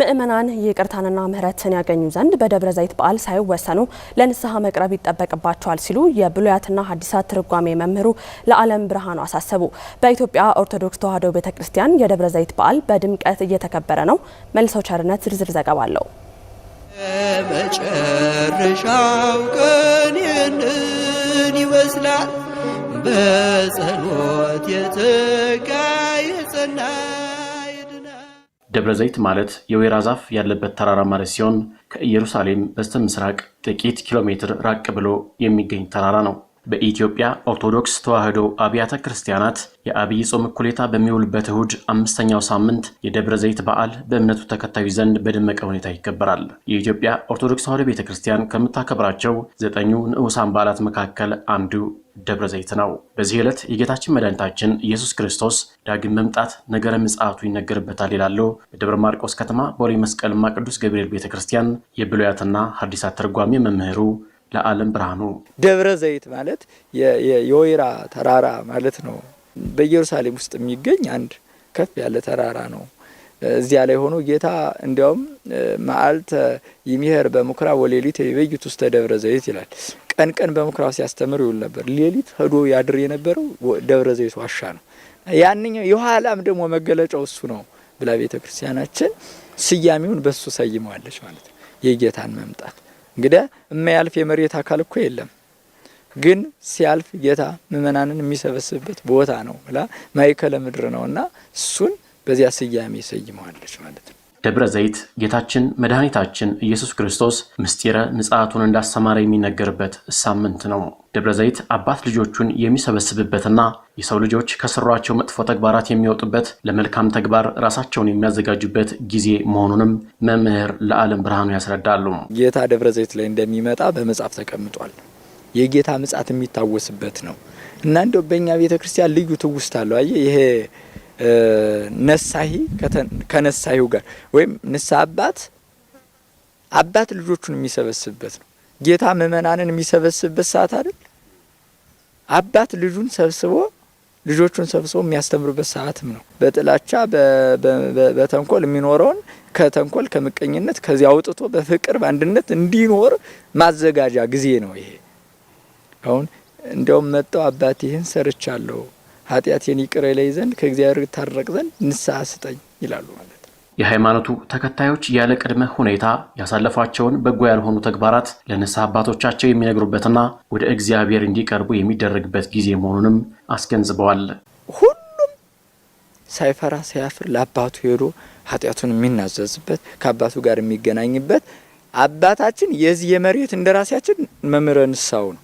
ምእመናን ይቅርታንና ምሕረትን ያገኙ ዘንድ በደብረ ዘይት በዓል ሳይወሰኑ ለንስሐ መቅረብ ይጠበቅባቸዋል ሲሉ የብሉያትና ሐዲሳት ትርጓሜ መምህሩ ለዓለም ብርሃኑ አሳሰቡ። በኢትዮጵያ ኦርቶዶክስ ተዋሕዶ ቤተ ክርስቲያን የደብረ ዘይት በዓል በድምቀት እየተከበረ ነው። መልሰው ቸርነት ዝርዝር ዘገባ አለው። መጨረሻው ቀን ይህንን ይመስላል። በጸሎት የተጋ የጸና ደብረ ዘይት ማለት የወይራ ዛፍ ያለበት ተራራ ማለት ሲሆን ከኢየሩሳሌም በስተ ምስራቅ ጥቂት ኪሎ ሜትር ራቅ ብሎ የሚገኝ ተራራ ነው። በኢትዮጵያ ኦርቶዶክስ ተዋሕዶ አብያተ ክርስቲያናት የአብይ ጾም እኩሌታ በሚውልበት እሁድ አምስተኛው ሳምንት የደብረ ዘይት በዓል በእምነቱ ተከታዮች ዘንድ በደመቀ ሁኔታ ይከበራል። የኢትዮጵያ ኦርቶዶክስ ተዋሕዶ ቤተ ክርስቲያን ከምታከብራቸው ዘጠኙ ንዑሳን በዓላት መካከል አንዱ ደብረ ዘይት ነው። በዚህ ዕለት የጌታችን መድኃኒታችን ኢየሱስ ክርስቶስ ዳግም መምጣት ነገረ ምጽአቱ ይነገርበታል ይላሉ በደብረ ማርቆስ ከተማ ቦሌ መስቀልማ ቅዱስ ገብርኤል ቤተ ክርስቲያን የብሉያትና ሐዲሳት ተርጓሚ መምህሩ ለዓለም ብርሃኑ ደብረ ዘይት ማለት የወይራ ተራራ ማለት ነው። በኢየሩሳሌም ውስጥ የሚገኝ አንድ ከፍ ያለ ተራራ ነው። እዚያ ላይ ሆኖ ጌታ እንዲያውም መዓልተ ይሚሄር በምኩራብ ወሌሊት ይቤይት ውስተ ደብረ ዘይት ይላል። ቀን ቀን በምኩራብ ሲያስተምር ይውል ነበር፣ ሌሊት ሄዶ ያድር የነበረው ደብረ ዘይት ዋሻ ነው። ያንኛው የኋላም ደግሞ መገለጫው እሱ ነው ብላ ቤተ ክርስቲያናችን ስያሜውን በሱ ሰይመዋለች ማለት ነው የጌታን መምጣት እንግዲያ የማያልፍ የመሬት አካል እኮ የለም፣ ግን ሲያልፍ ጌታ ምእመናንን የሚሰበስብበት ቦታ ነው ብላ ማይከለ ምድር ነውና እሱን በዚያ ስያሜ ሰይመዋለች ማለት ነው። ደብረ ዘይት ጌታችን መድኃኒታችን ኢየሱስ ክርስቶስ ምስጢረ ምጽአቱን እንዳስተማረ የሚነገርበት ሳምንት ነው። ደብረ ዘይት አባት ልጆቹን የሚሰበስብበትና የሰው ልጆች ከሰሯቸው መጥፎ ተግባራት የሚወጡበት ለመልካም ተግባር ራሳቸውን የሚያዘጋጁበት ጊዜ መሆኑንም መምህር ለዓለም ብርሃኑ ያስረዳሉ። ጌታ ደብረ ዘይት ላይ እንደሚመጣ በመጽሐፍ ተቀምጧል። የጌታ ምጽአት የሚታወስበት ነው እና እንደው በእኛ ቤተ ክርስቲያን ልዩ ትውስታ አለው። አየህ ይሄ ነሳሂ ከነሳሂው ጋር ወይም ንሳ አባት አባት ልጆቹን የሚሰበስብበት ነው። ጌታ ምእመናንን የሚሰበስብበት ሰዓት አይደል? አባት ልጁን ሰብስቦ ልጆቹን ሰብስቦ የሚያስተምርበት ሰዓትም ነው። በጥላቻ በተንኮል የሚኖረውን ከተንኮል ከምቀኝነት ከዚያ አውጥቶ በፍቅር በአንድነት እንዲኖር ማዘጋጃ ጊዜ ነው ይሄ። አሁን እንዲያውም መጣው አባት ይህን ሰርቻለሁ ኃጢአቴን ይቅር ይለኝ ዘንድ ከእግዚአብሔር ታረቅ ዘንድ ንስሐ ስጠኝ ይላሉ ማለት ነው። የሃይማኖቱ ተከታዮች ያለ ቅድመ ሁኔታ ያሳለፏቸውን በጎ ያልሆኑ ተግባራት ለንስሐ አባቶቻቸው የሚነግሩበትና ወደ እግዚአብሔር እንዲቀርቡ የሚደረግበት ጊዜ መሆኑንም አስገንዝበዋል። ሁሉም ሳይፈራ ሳያፍር ለአባቱ ሄዶ ኃጢአቱን የሚናዘዝበት ከአባቱ ጋር የሚገናኝበት አባታችን የዚህ የመሬት እንደራሴያችን መምህረ ንስሐው ነው።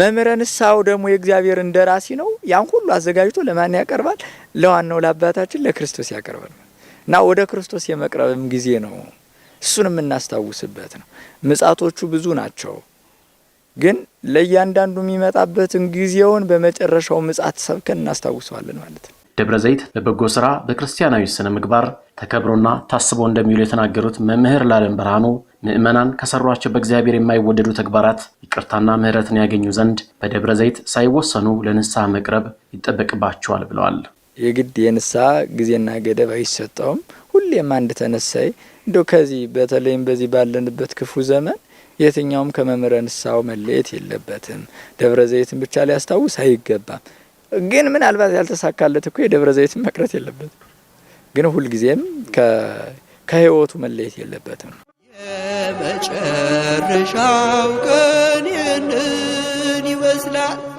መምህረ ንስሐው ደግሞ የእግዚአብሔር እንደራሲ ነው። ያን ሁሉ አዘጋጅቶ ለማን ያቀርባል? ለዋናው ለአባታችን ለክርስቶስ ያቀርባል እና ወደ ክርስቶስ የመቅረብም ጊዜ ነው። እሱን የምናስታውስበት ነው። ምጻቶቹ ብዙ ናቸው፣ ግን ለእያንዳንዱ የሚመጣበትን ጊዜውን በመጨረሻው ምጻት ሰብከን እናስታውሰዋለን ማለት ነው። ደብረ ዘይት በበጎ ስራ በክርስቲያናዊ ስነ ምግባር ተከብሮና ታስቦ እንደሚውሉ የተናገሩት መምህር ላለም ብርሃኑ ምእመናን ከሰሯቸው በእግዚአብሔር የማይወደዱ ተግባራት ይቅርታና ምሕረትን ያገኙ ዘንድ በደብረ ዘይት ሳይወሰኑ ለንስሐ መቅረብ ይጠበቅባቸዋል ብለዋል። የግድ የንስሐ ጊዜና ገደብ አይሰጠውም። ሁሌም አንድ ተነሳይ እንደ ከዚህ በተለይም በዚህ ባለንበት ክፉ ዘመን የትኛውም ከመምህረ ንስሐው መለየት የለበትም። ደብረ ዘይትን ብቻ ሊያስታውስ አይገባም። ግን ምናልባት ያልተሳካለት እኮ የደብረ ዘይትን መቅረት የለበትም። ግን ሁልጊዜም ከህይወቱ መለየት የለበትም። የመጨረሻው ቀን ይህንን ይመስላል።